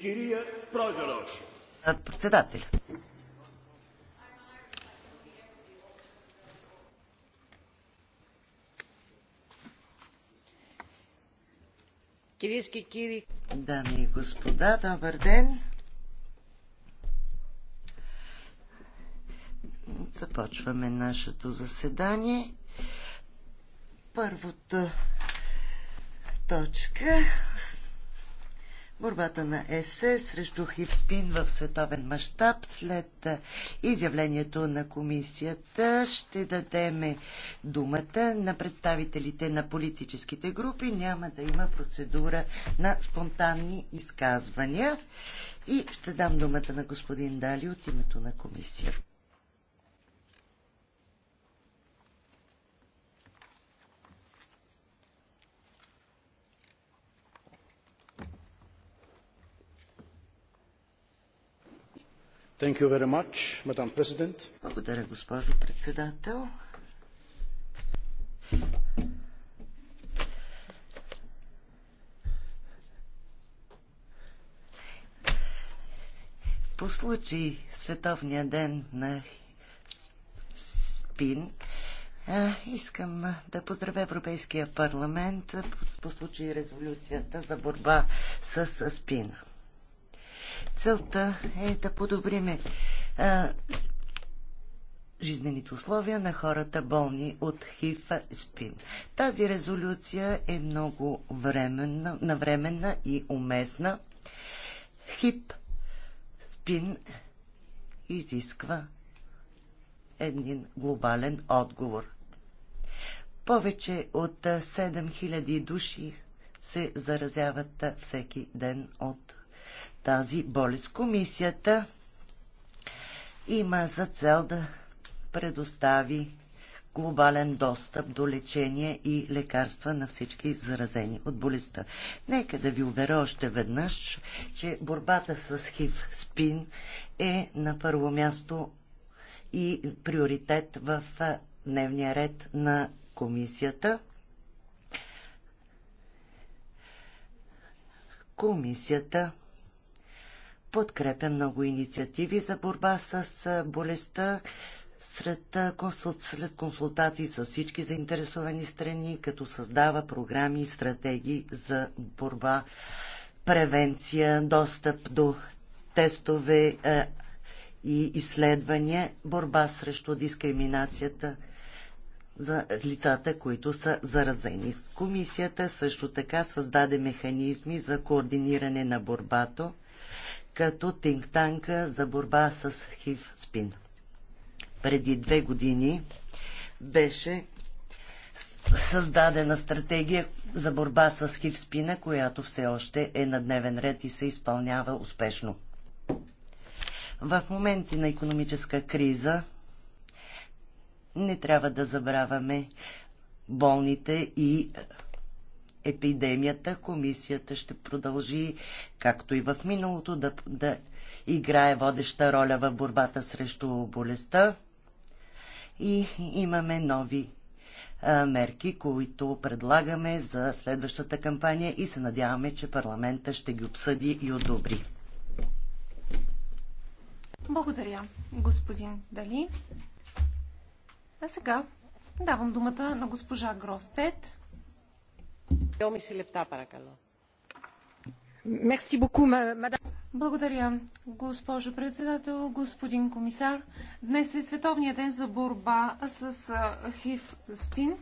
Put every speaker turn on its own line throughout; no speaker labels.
Кирия Прозоров.
Председателя. Κυρίες και κύριοι. Дами и господа, добър ден. Започваме нашето заседание. Първата точка борбата на ЕС срещу Хивспин в световен мащаб след изявлението на комисията ще дадеме думата на представителите на политическите групи. Няма да има процедура на спонтанни изказвания и ще дам думата на господин Дали от името на комисията. Благодаря, госпожо председател. По случай Световния ден на СПИН, Искам да поздравя Европейския парламент по случай резолюцията за борба с спина. Целта е да подобриме жизнените условия на хората болни от ХИВ СПИН. Тази резолюция е много временна, навременна и уместна. ХИП СПИН изисква един глобален отговор. Повече от 7000 души се заразяват всеки ден от тази болест. Комисията има за цел да предостави глобален достъп до лечение и лекарства на всички заразени от болестта. Нека да ви уверя още веднъж, че борбата с хив спин е на първо място и приоритет в дневния ред на комисията. Комисията подкрепя много инициативи за борба с болестта сред, след консултации с всички заинтересовани страни, като създава програми и стратегии за борба, превенция, достъп до тестове е, и изследвания, борба срещу дискриминацията за лицата, които са заразени. Комисията също така създаде механизми за координиране на борбата като тинктанка за борба с хив спин. Преди две години беше създадена стратегия за борба с хив спина, която все още е на дневен ред и се изпълнява успешно. В моменти на економическа криза не трябва да забравяме болните и епидемията, комисията ще продължи, както и в миналото, да, да играе водеща роля в борбата срещу болестта. И имаме нови а, мерки, които предлагаме за следващата кампания и се надяваме, че парламента ще ги обсъди и одобри.
Благодаря, господин Дали. А сега давам думата на госпожа Гростет благодаря, госпожо председател, господин комисар. Днес е Световният ден за борба с ХИВ СПИН.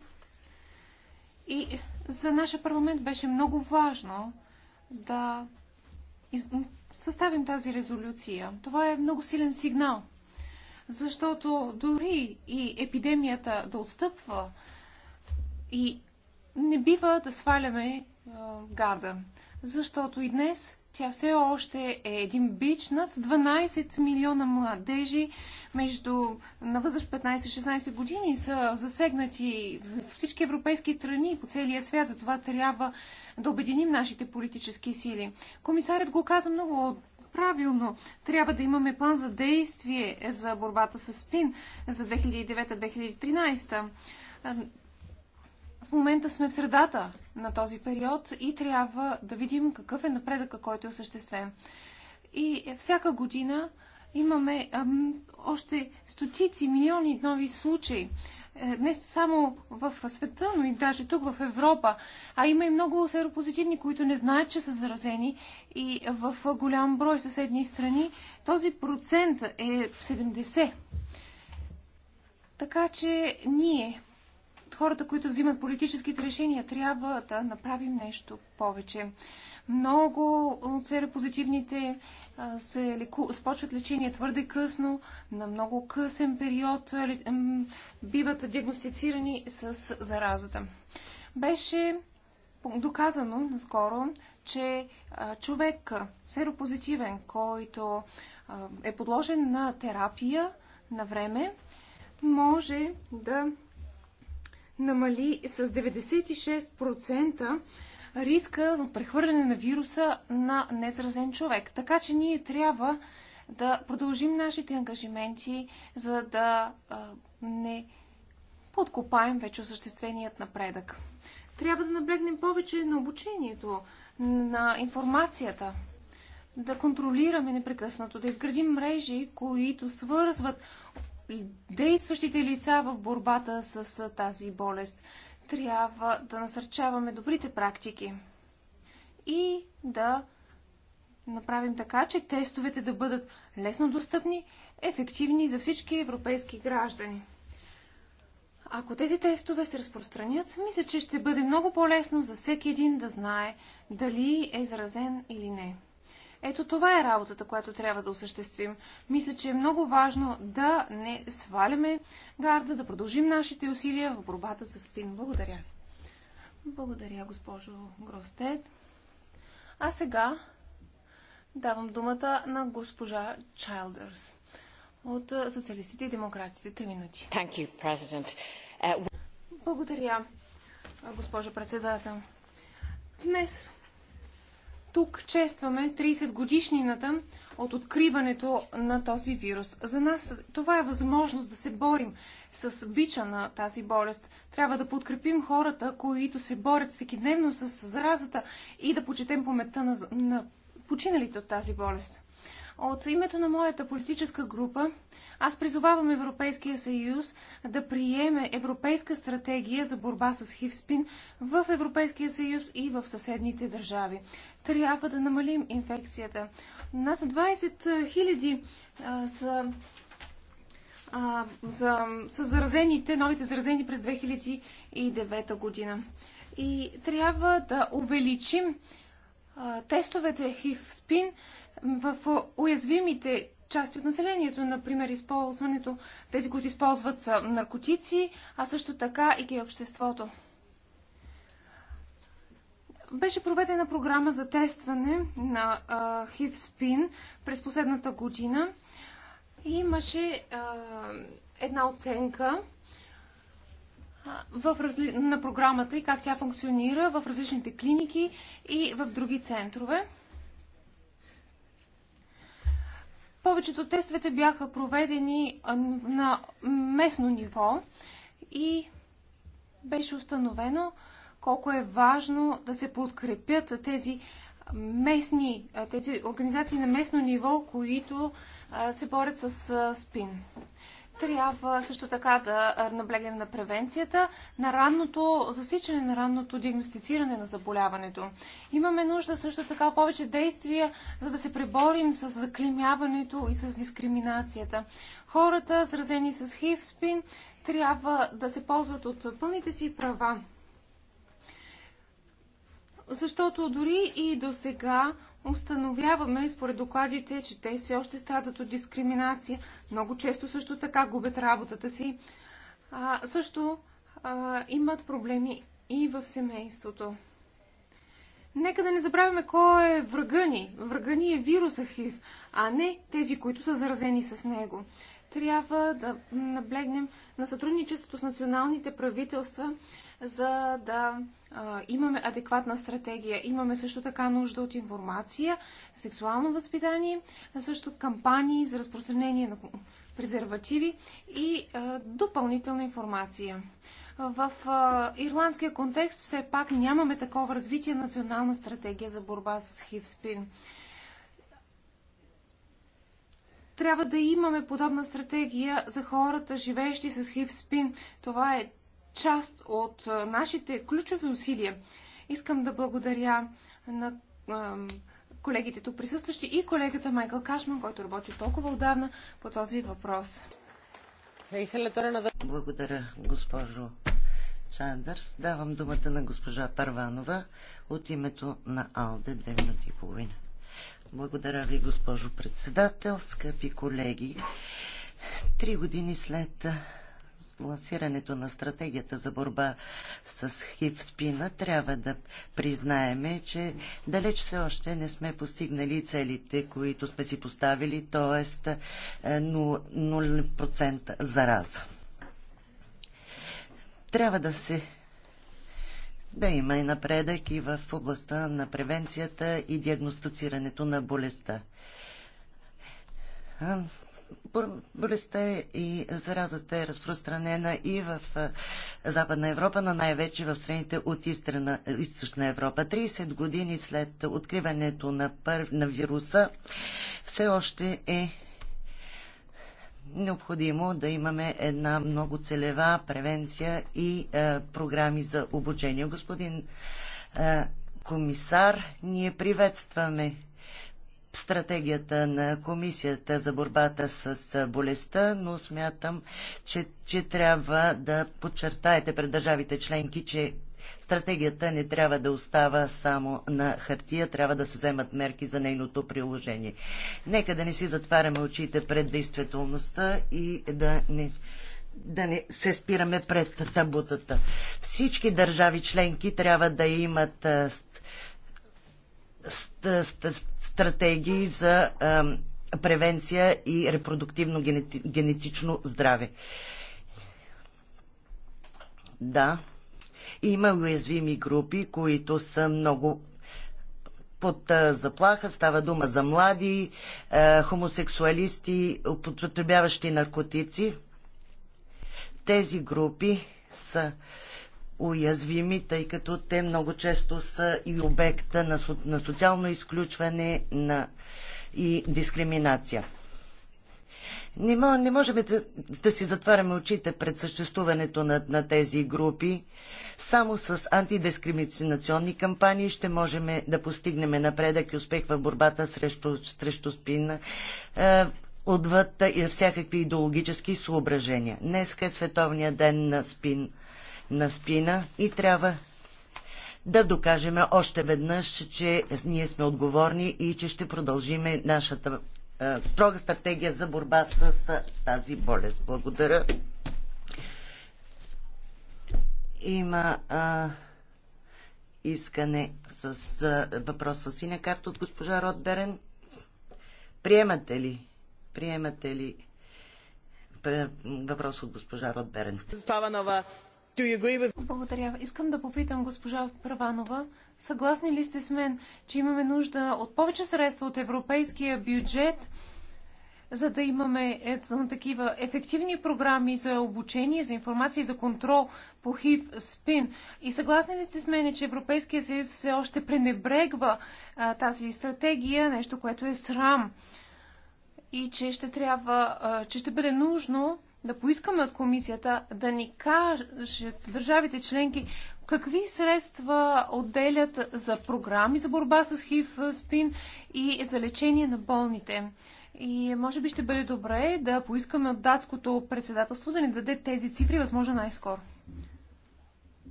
И за нашия парламент беше много важно да съставим тази резолюция. Това е много силен сигнал, защото дори и епидемията да отстъпва и не бива да сваляме а, гарда, защото и днес тя все още е един бич над 12 милиона младежи между, на възраст 15-16 години са засегнати в всички европейски страни и по целия свят. За това трябва да обединим нашите политически сили. Комисарят го каза много правилно. Трябва да имаме план за действие за борбата с пин за 2009-2013 в момента сме в средата на този период и трябва да видим какъв е напредъка, който е осъществен. И всяка година имаме ам, още стотици милиони нови случаи. Е, не само в света, но и даже тук в Европа. А има и много серопозитивни, които не знаят, че са заразени. И в голям брой съседни страни този процент е 70. Така че ние хората, които взимат политическите решения. Трябва да направим нещо повече. Много от серопозитивните се леку... започват лечение твърде късно, на много късен период биват диагностицирани с заразата. Беше доказано наскоро, че човек серопозитивен, който е подложен на терапия на време, може да намали с 96% риска за прехвърляне на вируса на незразен човек. Така че ние трябва да продължим нашите ангажименти, за да а, не подкопаем вече осъщественият напредък. Трябва да наблегнем повече на обучението, на информацията, да контролираме непрекъснато, да изградим мрежи, които свързват действащите лица в борбата с тази болест. Трябва да насърчаваме добрите практики и да направим така, че тестовете да бъдат лесно достъпни, ефективни за всички европейски граждани. Ако тези тестове се разпространят, мисля, че ще бъде много по-лесно за всеки един да знае дали е заразен или не. Ето това е работата, която трябва да осъществим. Мисля, че е много важно да не сваляме гарда, да продължим нашите усилия в борбата с спин. Благодаря. Благодаря, госпожо Гростет. А сега давам думата на госпожа Чайлдърс от Социалистите и Демократите. Три минути.
You,
Благодаря, госпожо председател. Днес тук честваме 30 годишнината от откриването на този вирус. За нас това е възможност да се борим с бича на тази болест. Трябва да подкрепим хората, които се борят всеки дневно с заразата и да почетем паметта на, на починалите от тази болест. От името на моята политическа група аз призовавам Европейския съюз да приеме европейска стратегия за борба с хивспин в Европейския съюз и в съседните държави. Трябва да намалим инфекцията. Над 20 хиляди са а, за, са заразените, новите заразени през 2009 година. И трябва да увеличим а, тестовете hiv spin в уязвимите части от населението, например използването, тези, които използват наркотици, а също така и ги е обществото. Беше проведена програма за тестване на HIV-SPIN през последната година. И имаше а, една оценка в разли... на програмата и как тя функционира в различните клиники и в други центрове. Повечето тестовете бяха проведени на местно ниво и беше установено колко е важно да се подкрепят тези местни, тези организации на местно ниво, които се борят с спин. Трябва също така да наблегнем на превенцията, на ранното засичане, на ранното диагностициране на заболяването. Имаме нужда също така повече действия, за да се преборим с заклимяването и с дискриминацията. Хората, сразени с хив, спин, трябва да се ползват от пълните си права. Защото дори и до сега установяваме според докладите, че те все още страдат от дискриминация. Много често също така губят работата си. А, също а, имат проблеми и в семейството. Нека да не забравяме кой е врага ни. Врага ни е вируса ХИВ, а не тези, които са заразени с него. Трябва да наблегнем на сътрудничеството с националните правителства, за да а, имаме адекватна стратегия. Имаме също така нужда от информация, сексуално възпитание, също кампании за разпространение на презервативи и а, допълнителна информация. В а, ирландския контекст все пак нямаме такова развитие национална стратегия за борба с хивспин. Трябва да имаме подобна стратегия за хората, живеещи с хивспин. Това е част от нашите ключови усилия. Искам да благодаря на колегите тук присъстващи и колегата Майкъл Кашман, който работи толкова отдавна по този въпрос.
Благодаря, госпожо Чандърс. Давам думата на госпожа Парванова от името на АЛДЕ 2 минути и половина. Благодаря ви, госпожо председател, скъпи колеги. Три години след лансирането на стратегията за борба с хив спина трябва да признаеме, че далеч все още не сме постигнали целите, които сме си поставили, т.е. 0% зараза. Трябва да се да има и напредък и в областта на превенцията и диагностицирането на болестта болестта е и заразата е разпространена и в е, Западна Европа, но най-вече в страните от Истрена, е, Източна Европа. 30 години след откриването на, пър... на вируса все още е необходимо да имаме една много целева превенция и е, програми за обучение. Господин е, комисар, ние приветстваме стратегията на Комисията за борбата с болестта, но смятам, че, че трябва да подчертаете пред държавите членки, че стратегията не трябва да остава само на хартия, трябва да се вземат мерки за нейното приложение. Нека да не си затваряме очите пред действителността и да не да не се спираме пред табутата. Всички държави членки трябва да имат стратегии за превенция и репродуктивно генетично здраве. Да, има уязвими групи, които са много под заплаха. Става дума за млади, хомосексуалисти, употребяващи наркотици. Тези групи са уязвими, тъй като те много често са и обекта на, на социално изключване на, и дискриминация. Не, не можем да, да си затваряме очите пред съществуването на, на тези групи. Само с антидискриминационни кампании ще можем да постигнем напредък и успех в борбата срещу, срещу спина, е, отвъд и всякакви идеологически съображения. Днес е Световния ден на спин на спина и трябва да докажем още веднъж, че ние сме отговорни и че ще продължим нашата а, строга стратегия за борба с а, тази болест. Благодаря. Има а, искане с а, въпрос с синя карта от госпожа Ротберен. Приемате ли? Приемате ли? Въпрос от госпожа Ротберен.
Спаванова, with... Благодаря. Искам да попитам госпожа Праванова, съгласни ли сте с мен, че имаме нужда от повече средства от европейския бюджет, за да имаме ето, такива ефективни програми за обучение, за информация и за контрол по HIV, СПИН. И съгласни ли сте с мен, че Европейския съюз все още пренебрегва а, тази стратегия, нещо, което е срам? И че ще трябва, а, че ще бъде нужно да поискаме от комисията да ни кажат държавите членки какви средства отделят за програми за борба с ХИВ, СПИН и за лечение на болните. И е, може би ще бъде добре да поискаме от датското председателство да ни даде тези цифри, възможно най-скоро.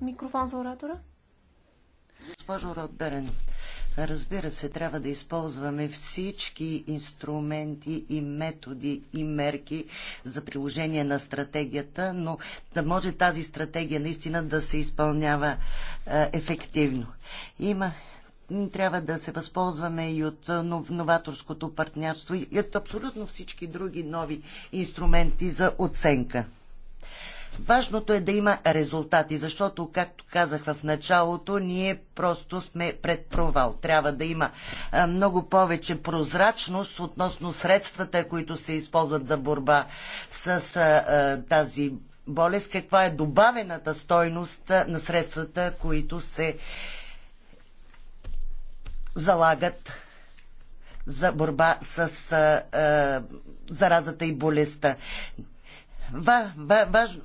Микрофон за оратора.
Госпожо Ротберен, разбира се, трябва да използваме всички инструменти и методи и мерки за приложение на стратегията, но да може тази стратегия наистина да се изпълнява е, ефективно. Има трябва да се възползваме и от е, новаторското партньорство и от абсолютно всички други нови инструменти за оценка. Важното е да има резултати, защото, както казах в началото, ние просто сме пред провал. Трябва да има много повече прозрачност относно средствата, които се използват за борба с тази болест, каква е добавената стойност на средствата, които се залагат за борба с а, а, заразата и болестта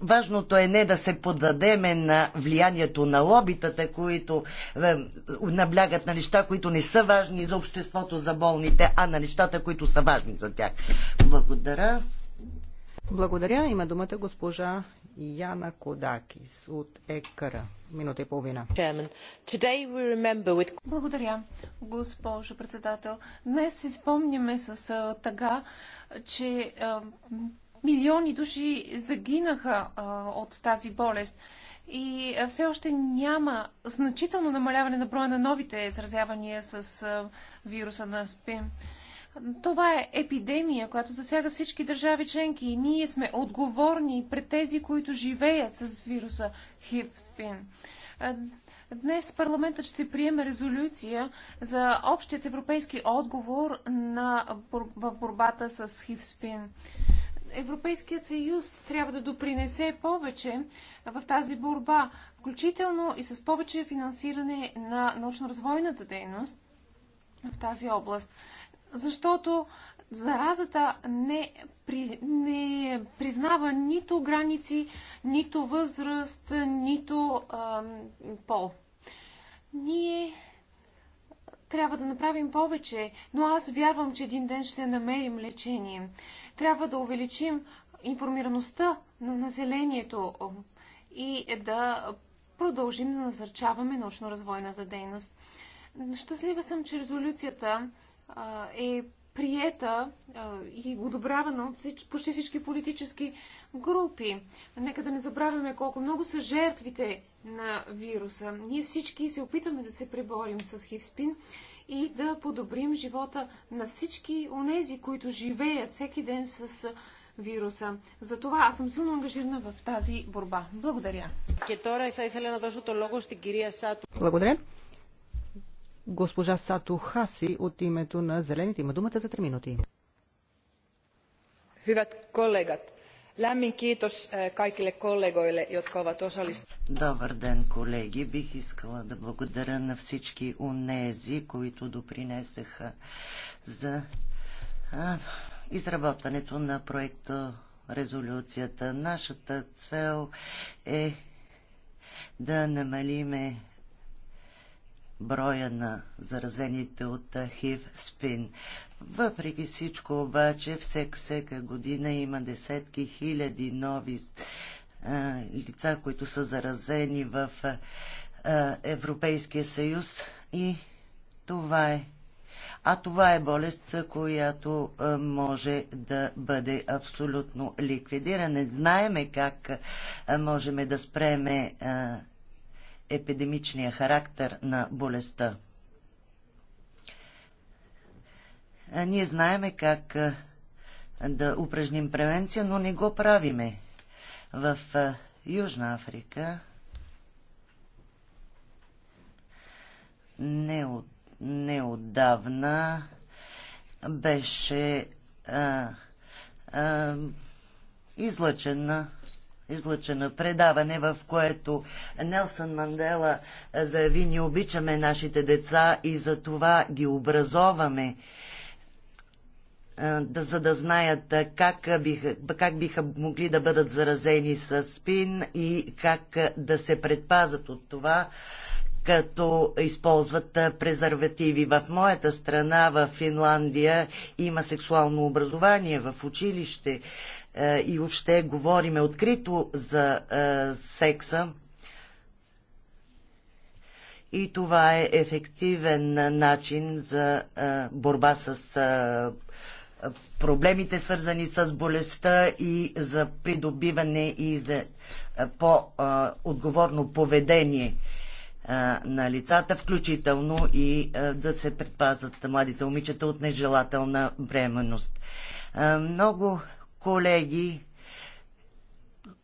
важното е не да се подадеме на влиянието на лобитата, които е, наблягат на неща, които не са важни за обществото, за болните, а на нещата, които са важни за тях. Благодаря.
Благодаря. Има думата госпожа Яна Кодакис от ЕКРА. Минута и половина.
Благодаря, госпожо председател. Днес си спомняме с е, тъга, че е, Милиони души загинаха а, от тази болест и все още няма значително намаляване на броя на новите сразявания с а, вируса на спин. Това е епидемия, която засяга всички държави членки и ние сме отговорни пред тези, които живеят с вируса HIV-СПИН. Днес парламентът ще приеме резолюция за общият европейски отговор на в борбата с хивспин. Европейският съюз трябва да допринесе повече в тази борба, включително и с повече финансиране на научно-развойната дейност в тази област. Защото заразата не, при, не признава нито граници, нито възраст, нито ам, пол. Ние трябва да направим повече, но аз вярвам, че един ден ще намерим лечение. Трябва да увеличим информираността на населението и да продължим да насърчаваме научно-развойната дейност. Щастлива съм, че резолюцията е приета и одобрявана от всич, почти всички политически групи. Нека да не забравяме колко много са жертвите на вируса. Ние всички се опитваме да се преборим с хивспин и да подобрим живота на всички онези, които живеят всеки ден с вируса. Затова аз съм силно ангажирана в тази борба. Благодаря.
Благодаря госпожа Сато Хаси от името на Зелените. Има думата за 3 минути. Hyvät kollegat, lämmin kiitos е, kaikille kollegoille, jotka ovat osallistuneet.
Добър ден, колеги. Бих искала да благодаря на всички унези, които допринесеха за а, изработването на проекта резолюцията. Нашата цел е да намалиме броя на заразените от ХИВ спин. Въпреки всичко обаче, всек, всека година има десетки хиляди нови а, лица, които са заразени в а, Европейския съюз и това е. А това е болест, която а, може да бъде абсолютно ликвидирана. Знаеме как а, можем да спреме а, епидемичния характер на болестта. А ние знаеме как да упражним превенция, но не го правиме. В Южна Африка не от, неотдавна беше а, а, излъчена излъчено предаване, в което Нелсън Мандела заяви, «Ни обичаме нашите деца и за това ги образоваме за да знаят как биха, как биха могли да бъдат заразени с спин и как да се предпазат от това, като използват презервативи. В моята страна, в Финландия, има сексуално образование в училище. Е, и въобще говориме открито за е, секса. И това е ефективен начин за е, борба с проблемите, свързани с болестта и за придобиване и за по-отговорно поведение на лицата, включително и да се предпазват младите момичета от нежелателна бременност. Много колеги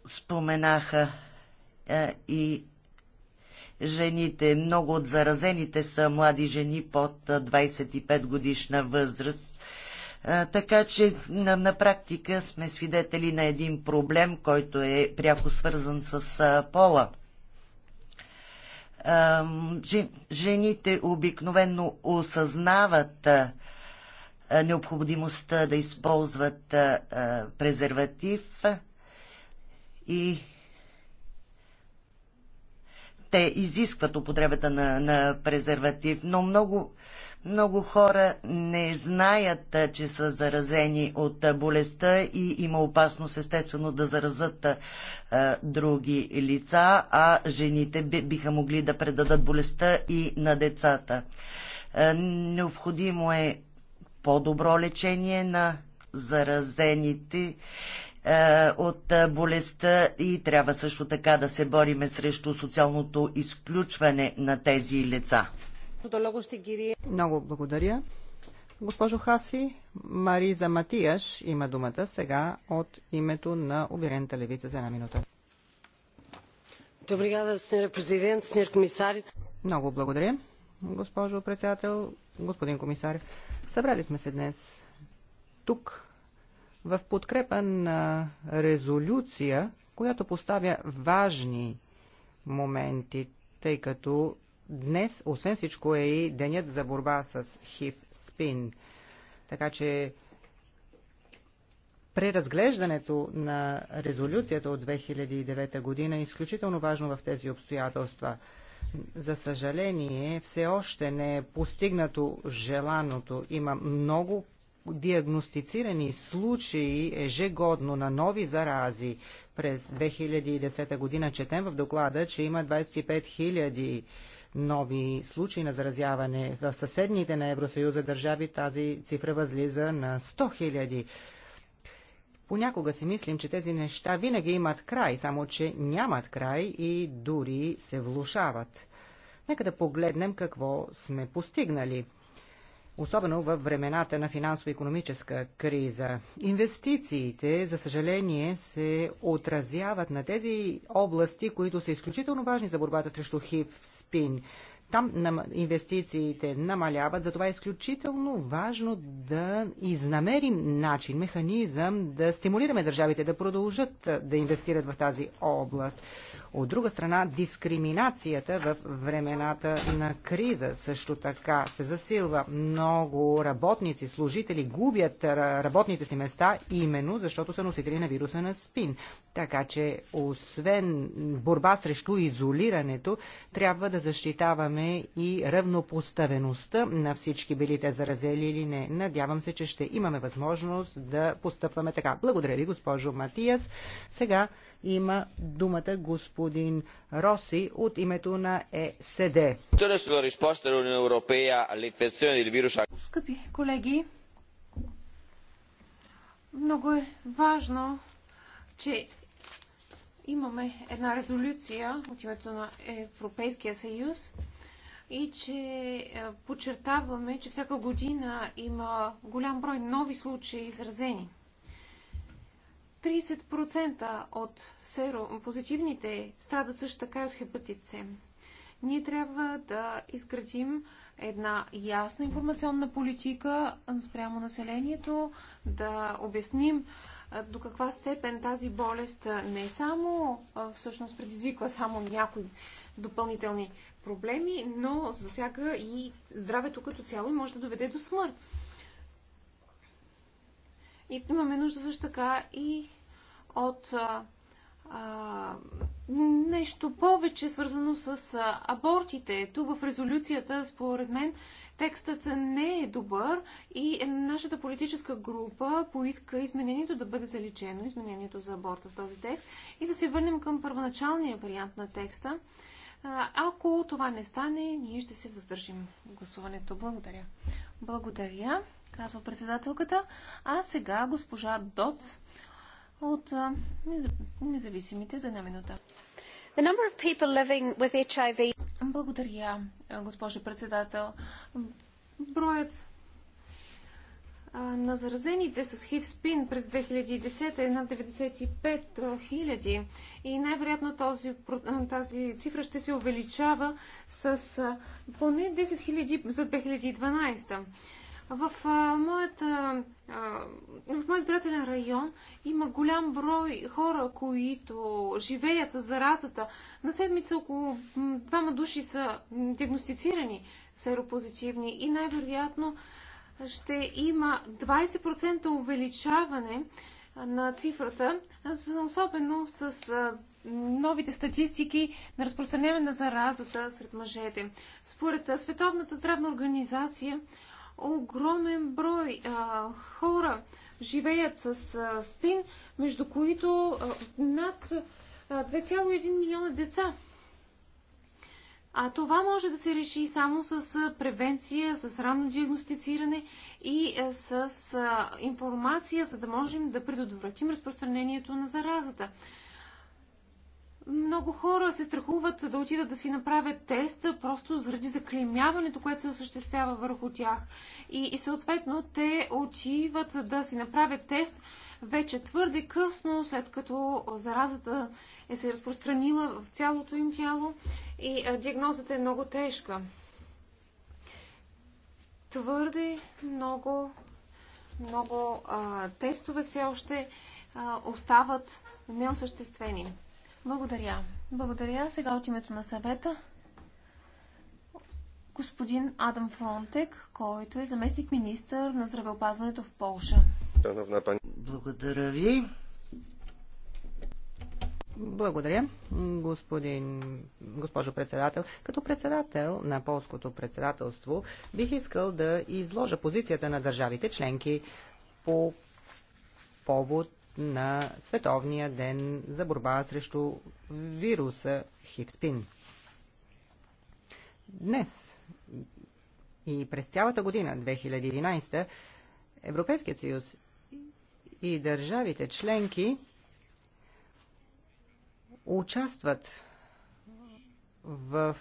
споменаха а, е, и жените. Много от заразените са млади жени под 25 е, годишна възраст. А, е, така че на, на практика сме свидетели на един проблем, който е пряко свързан с а, пола жените обикновенно осъзнават е, необходимостта да използват е, е, презерватив и те изискват употребата на, на презерватив, но много, много хора не знаят, че са заразени от болестта и има опасност естествено да заразат а, други лица, а жените биха могли да предадат болестта и на децата. А, необходимо е по-добро лечение на заразените е, от е, болестта и трябва също така да се бориме срещу социалното изключване на тези
лица. Много благодаря. Госпожо Хаси, Мариза Матияш има думата сега от името на Обирената левица за една минута. Много благодаря, госпожо председател, господин комисар. Събрали сме се днес тук в подкрепа на резолюция, която поставя важни моменти, тъй като днес, освен всичко, е и денят за борба с ХИВ-СПИН. Така че преразглеждането на резолюцията от 2009 година е изключително важно в тези обстоятелства – за съжаление, все още не е постигнато желаното. Има много диагностицирани случаи ежегодно на нови зарази. През 2010 година четем в доклада, че има 25 000 нови случаи на заразяване. В съседните на Евросъюза държави тази цифра възлиза на 100 000. Понякога си мислим, че тези неща винаги имат край, само че нямат край и дори се влушават. Нека да погледнем какво сме постигнали особено в времената на финансово-економическа криза. Инвестициите, за съжаление, се отразяват на тези области, които са изключително важни за борбата срещу ХИВ, СПИН. Там инвестициите намаляват, затова е изключително важно да изнамерим начин, механизъм да стимулираме държавите да продължат да инвестират в тази област. От друга страна, дискриминацията в времената на криза също така се засилва. Много работници, служители губят работните си места именно защото са носители на вируса на спин. Така че, освен борба срещу изолирането, трябва да защитаваме гарантираме и равнопоставеността на всички били те заразели или не. Надявам се, че ще имаме възможност да постъпваме така. Благодаря ви, госпожо Матиас. Сега има думата господин Роси от името на ЕСД.
Скъпи колеги, много е важно, че имаме една резолюция от името на Европейския съюз и че е, подчертаваме, че всяка година има голям брой нови случаи изразени. 30% от позитивните страдат също така и от хепатит С. Ние трябва да изградим една ясна информационна политика спрямо населението, да обясним до каква степен тази болест не само всъщност предизвиква само някои допълнителни проблеми, но засяга и здравето като цяло и може да доведе до смърт. И имаме нужда също така и от а, а, нещо повече свързано с абортите. Тук в резолюцията, според мен, текстът не е добър и нашата политическа група поиска изменението да бъде заличено, изменението за аборта в този текст и да се върнем към първоначалния вариант на текста. Ако това не стане, ние ще се въздържим в гласуването. Благодаря. Благодаря, казва председателката. А сега госпожа Доц от независимите за една минута. Благодаря, госпожо председател. Броят на заразените с хив спин през 2010 е над 95 000 и най-вероятно тази цифра ще се увеличава с поне 10 000 за 2012. В, моята, в моят избирателен район има голям брой хора, които живеят с заразата. На седмица около двама души са диагностицирани серопозитивни и най-вероятно ще има 20% увеличаване на цифрата, особено с новите статистики на разпространение на заразата сред мъжете. Според Световната здравна организация, огромен брой а, хора живеят с а, спин, между които а, над 2,1 милиона деца. А това може да се реши само с превенция, с ранно диагностициране и с информация, за да можем да предотвратим разпространението на заразата. Много хора се страхуват да отидат да си направят теста, просто заради заклеймяването, което се осъществява върху тях. И, и съответно те отиват да си направят тест вече твърде късно, след като заразата е се разпространила в цялото им тяло и а, диагнозата е много тежка. Твърде много, много а, тестове все още а, остават неосъществени. Благодаря. Благодаря. Сега от името на съвета господин Адам Фронтек, който е заместник министър на здравеопазването в Полша.
Благодаря ви. Благодаря, господин, госпожо председател. Като председател на полското председателство бих искал да изложа позицията на държавите членки по повод на Световния ден за борба срещу вируса хипспин. Днес и през цялата година, 2011, Европейският съюз и държавите членки участват в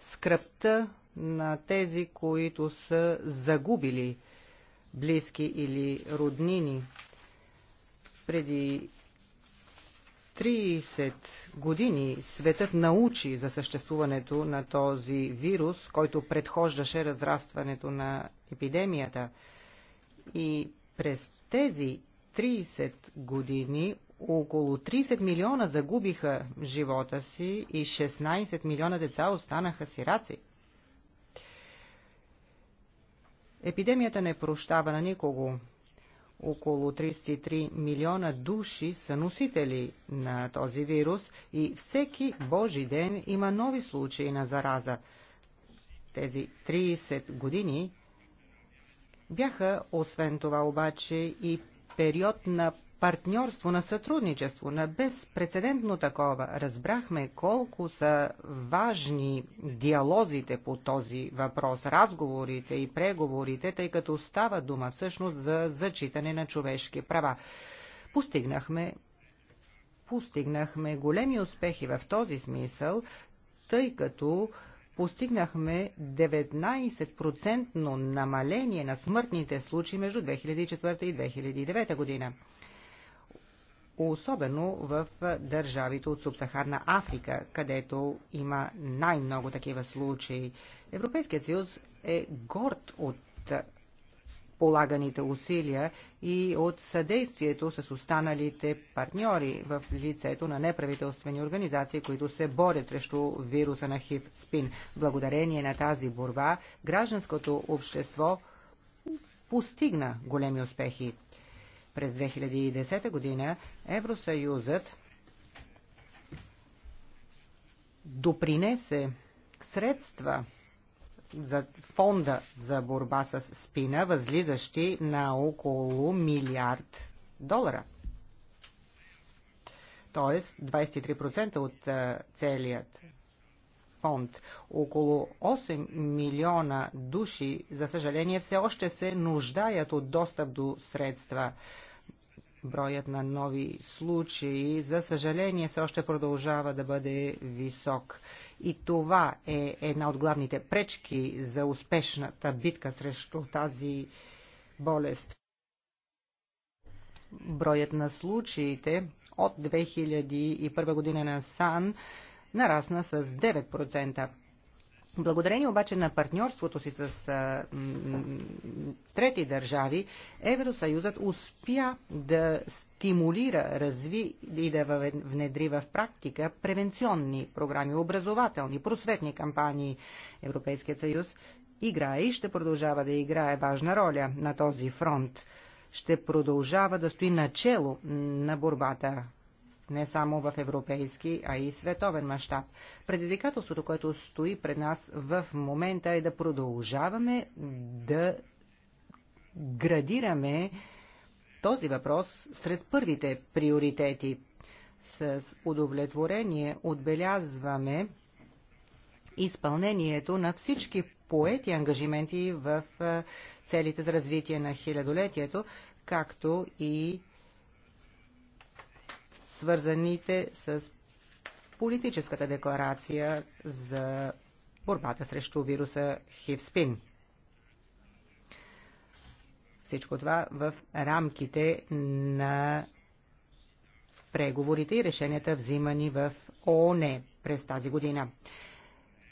скръпта на тези, които са загубили близки или роднини. Преди 30 години светът научи за съществуването на този вирус, който предхождаше разрастването на епидемията. И през тези 30 години около 30 милиона загубиха живота си и 16 милиона деца останаха сираци. Епидемията не прощава на никого около 33 милиона души са носители на този вирус и всеки Божи ден има нови случаи на зараза. Тези 30 години бяха, освен това обаче, и период на партньорство, на сътрудничество, на безпредседентно такова. Разбрахме колко са важни диалозите по този въпрос, разговорите и преговорите, тъй като става дума всъщност за зачитане на човешки права. Постигнахме постигнахме големи успехи в този смисъл, тъй като постигнахме 19% намаление на смъртните случаи между 2004 и 2009 година особено в държавите от Субсахарна Африка, където има най-много такива случаи. Европейският съюз е горд от полаганите усилия и от съдействието с останалите партньори в лицето на неправителствени организации, които се борят срещу вируса на ХИВ-СПИН. Благодарение на тази борба гражданското общество постигна големи успехи. През 2010 година Евросъюзът допринесе средства за фонда за борба с спина, възлизащи на около милиард долара. Тоест 23% от целият фонд. Около 8 милиона души, за съжаление, все още се нуждаят от достъп до средства. Броят на нови случаи, за съжаление, все още продължава да бъде висок. И това е една от главните пречки за успешната битка срещу тази болест. Броят на случаите от 2001 година на САН нарасна с 9%. Благодарение обаче на партньорството си с а, трети държави, Евросъюзът успя да стимулира, разви и да внедри в практика превенционни програми, образователни, просветни кампании. Европейският съюз играе и ще продължава да играе важна роля на този фронт. Ще продължава да стои начело на борбата не само в европейски, а и световен мащаб. Предизвикателството, което стои пред нас в момента е да продължаваме да градираме този въпрос сред първите приоритети. С удовлетворение отбелязваме изпълнението на всички поети ангажименти в целите за развитие на хилядолетието, както и свързаните с политическата декларация за борбата срещу вируса Хивспин. Всичко това в рамките на преговорите и решенията взимани в ООН през тази година.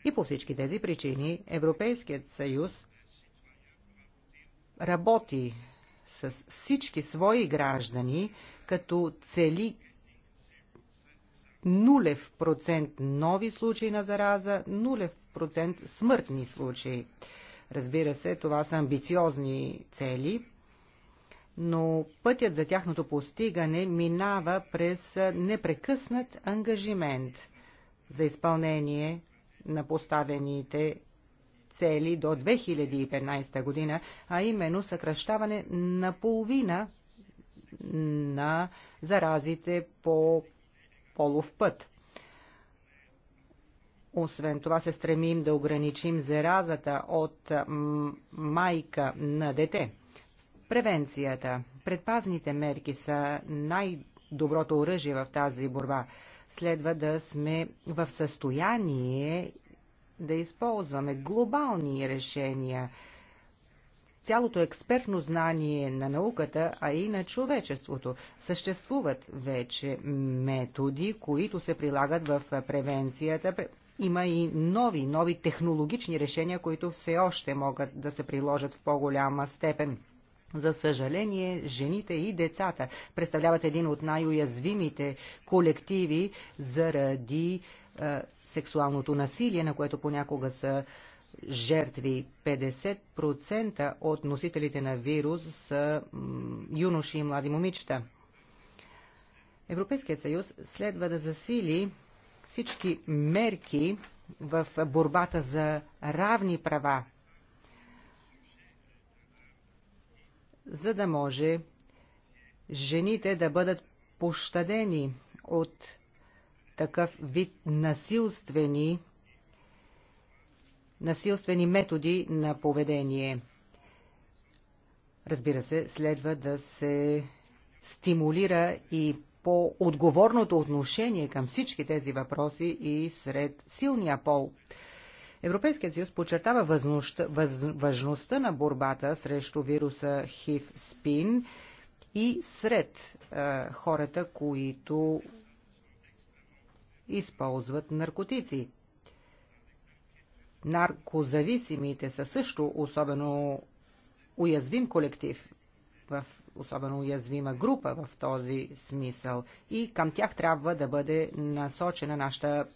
И по всички тези причини Европейският съюз работи с всички свои граждани, като цели нулев процент нови случаи на зараза, нулев процент смъртни случаи. Разбира се, това са амбициозни цели, но пътят за тяхното постигане минава през непрекъснат ангажимент за изпълнение на поставените цели до 2015 година, а именно съкръщаване на половина на заразите по полов път. Освен това се стремим да ограничим заразата от майка на дете. Превенцията, предпазните мерки са най-доброто оръжие в тази борба. Следва да сме в състояние да използваме глобални решения – цялото експертно знание на науката, а и на човечеството. Съществуват вече методи, които се прилагат в превенцията. Има и нови, нови технологични решения, които все още могат да се приложат в по-голяма степен. За съжаление, жените и децата представляват един от най-уязвимите колективи заради е, сексуалното насилие, на което понякога са е, жертви. 50% от носителите на вирус са юноши и млади момичета. Европейският съюз следва да засили всички мерки в борбата за равни права, за да може жените да бъдат пощадени от такъв вид насилствени насилствени методи на поведение. Разбира се, следва да се стимулира и по-отговорното отношение към всички тези въпроси и сред силния пол. Европейският съюз подчертава важността на борбата срещу вируса HIV-СПИН и сред е, хората, които използват наркотици. Наркозависимите са също особено уязвим колектив, в особено уязвима група в този смисъл и към тях трябва да бъде насочена нашата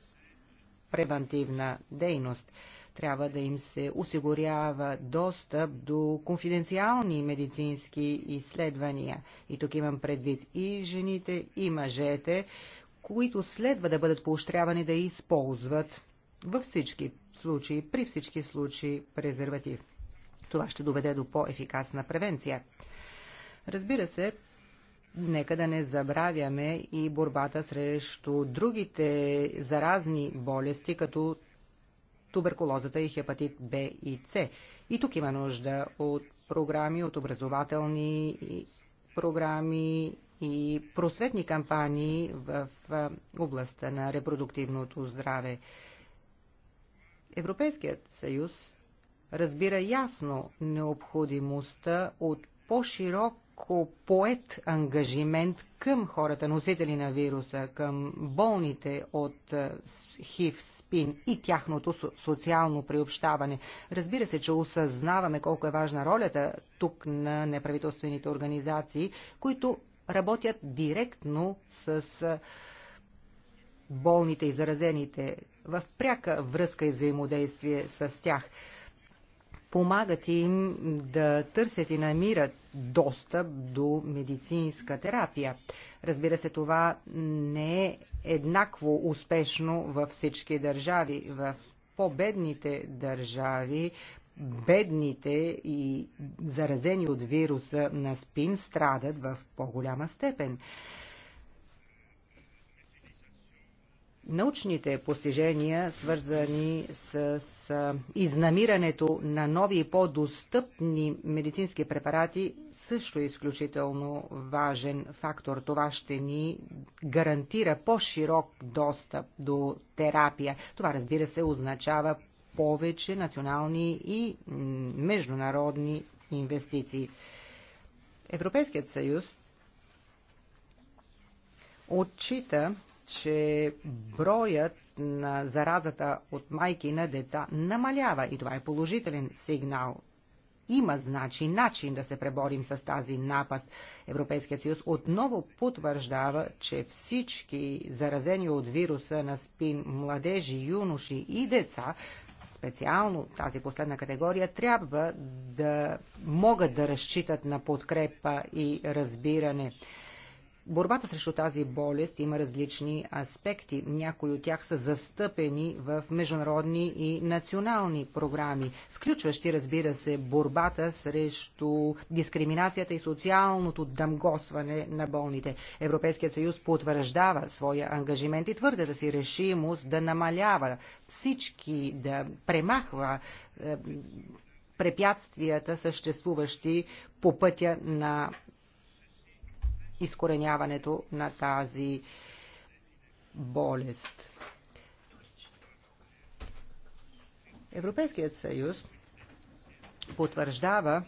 превентивна дейност. Трябва да им се осигурява достъп до конфиденциални медицински изследвания. И тук имам предвид и жените, и мъжете, които следва да бъдат поощрявани да използват във всички случаи, при всички случаи презерватив. Това ще доведе до по-ефикасна превенция. Разбира се, нека да не забравяме и борбата срещу другите заразни болести, като туберкулозата и хепатит Б и С. И тук има нужда от програми, от образователни програми и просветни кампании в областта на репродуктивното здраве. Европейският съюз разбира ясно необходимостта от по-широко поет ангажимент към хората, носители на вируса, към болните от хив, спин и тяхното социално приобщаване. Разбира се, че осъзнаваме колко е важна ролята тук на неправителствените организации, които работят директно с болните и заразените в пряка връзка и взаимодействие с тях. Помагат им да търсят и намират достъп до медицинска терапия. Разбира се, това не е еднакво успешно във всички държави. В по-бедните държави бедните и заразени от вируса на спин страдат в по-голяма степен. научните постижения, свързани с, с изнамирането на нови и по-достъпни медицински препарати, също е изключително важен фактор. Това ще ни гарантира по-широк достъп до терапия. Това, разбира се, означава повече национални и международни инвестиции. Европейският съюз отчита че броят на заразата от майки на деца намалява и това е положителен сигнал. Има, значи, начин да се преборим с тази напаст. Европейският съюз отново потвърждава, че всички заразени от вируса на спин младежи, юноши и деца специално тази последна категория, трябва да могат да разчитат на подкрепа и разбиране. Борбата срещу тази болест има различни аспекти. Някои от тях са застъпени в международни и национални програми, включващи, разбира се, борбата срещу дискриминацията и социалното дъмгосване на болните. Европейският съюз потвърждава своя ангажимент и да си решимост да намалява всички, да премахва е, препятствията, съществуващи по пътя на изкореняването на тази болест. Европейският съюз потвърждава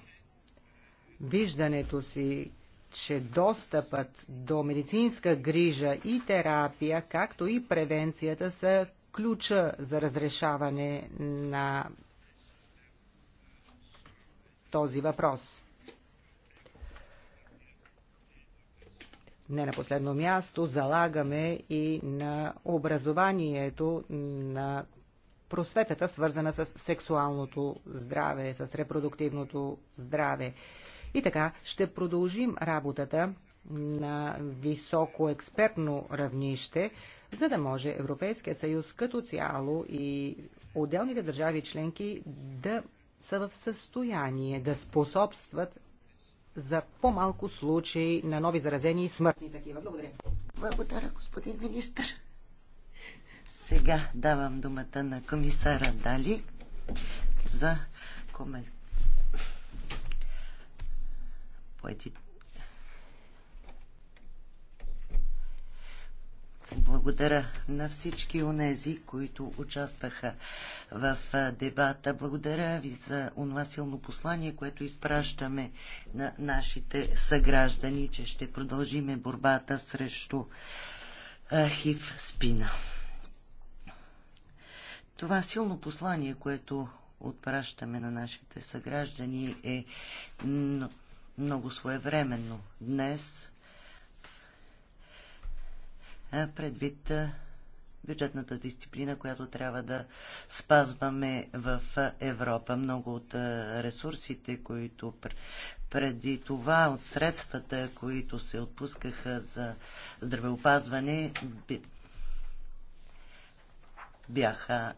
виждането си, че достъпът до медицинска грижа и терапия, както и превенцията са ключа за разрешаване на този въпрос. Не на последно място залагаме и на образованието на просветата, свързана с сексуалното здраве, с репродуктивното здраве. И така ще продължим работата на високо експертно равнище, за да може Европейският съюз като цяло и отделните държави членки да са в състояние да способстват за по-малко случаи на нови заразени и смъртни такива. Благодаря. Благодаря, господин министр.
Сега давам думата на комисара Дали за коментар. Поетите Благодаря на всички онези, които участваха в дебата. Благодаря ви за онова силно послание, което изпращаме на нашите съграждани, че ще продължиме борбата срещу хив спина. Това силно послание, което отпращаме на нашите съграждани е много своевременно. Днес предвид бюджетната дисциплина, която трябва да спазваме в Европа. Много от ресурсите, които преди това от средствата, които се отпускаха за здравеопазване, бяха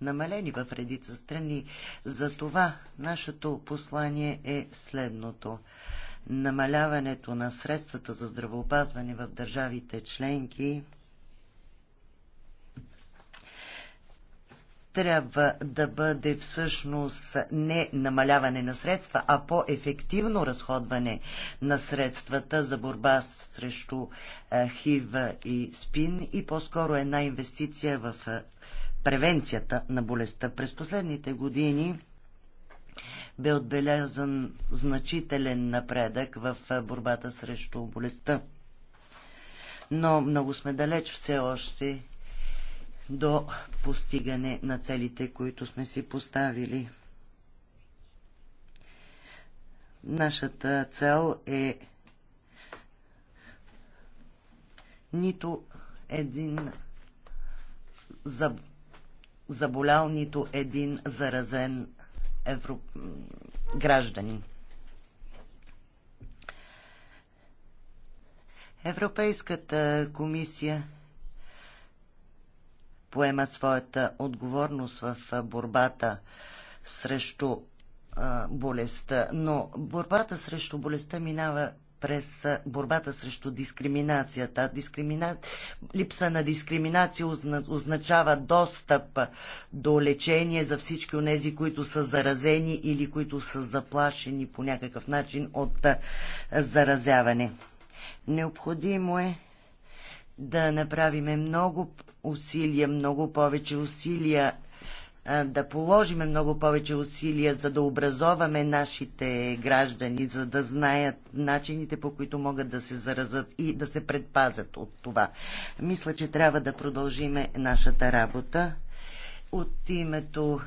намалени в редица страни. За това нашето послание е следното намаляването на средствата за здравеопазване в държавите членки трябва да бъде всъщност не намаляване на средства, а по-ефективно разходване на средствата за борба срещу е, ХИВ и СПИН и по-скоро една инвестиция в е, превенцията на болестта. През последните години бе отбелязан значителен напредък в борбата срещу болестта. Но много сме далеч все още до постигане на целите, които сме си поставили. Нашата цел е нито един заболял, нито един заразен евро... граждани. Европейската комисия поема своята отговорност в борбата срещу болестта, но борбата срещу болестта минава през борбата срещу дискриминацията. Дискримина... Липса на дискриминация означава достъп до лечение за всички от тези, които са заразени или които са заплашени по някакъв начин от заразяване. Необходимо е да направиме много усилия, много повече усилия да положиме много повече усилия, за да образоваме нашите граждани, за да знаят начините по които могат да се заразат и да се предпазят от това. Мисля, че трябва да продължиме нашата работа. От името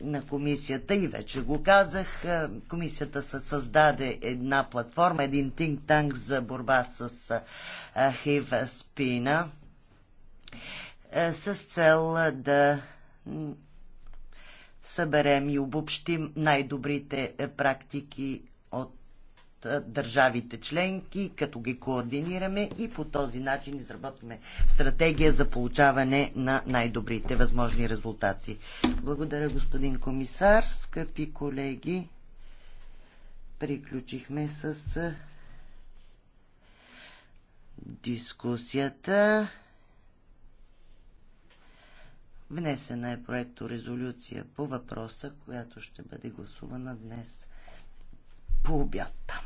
на комисията и вече го казах. Комисията се създаде една платформа, един think tank за борба с хив спина. Е, с цел е, да съберем и обобщим най-добрите е, практики от държавите членки, като ги координираме и по този начин изработваме стратегия за получаване на най-добрите възможни резултати. Благодаря, господин комисар, скъпи колеги. Приключихме с дискусията. Внесена е проекто резолюция по въпроса, която ще бъде гласувана днес по обядта.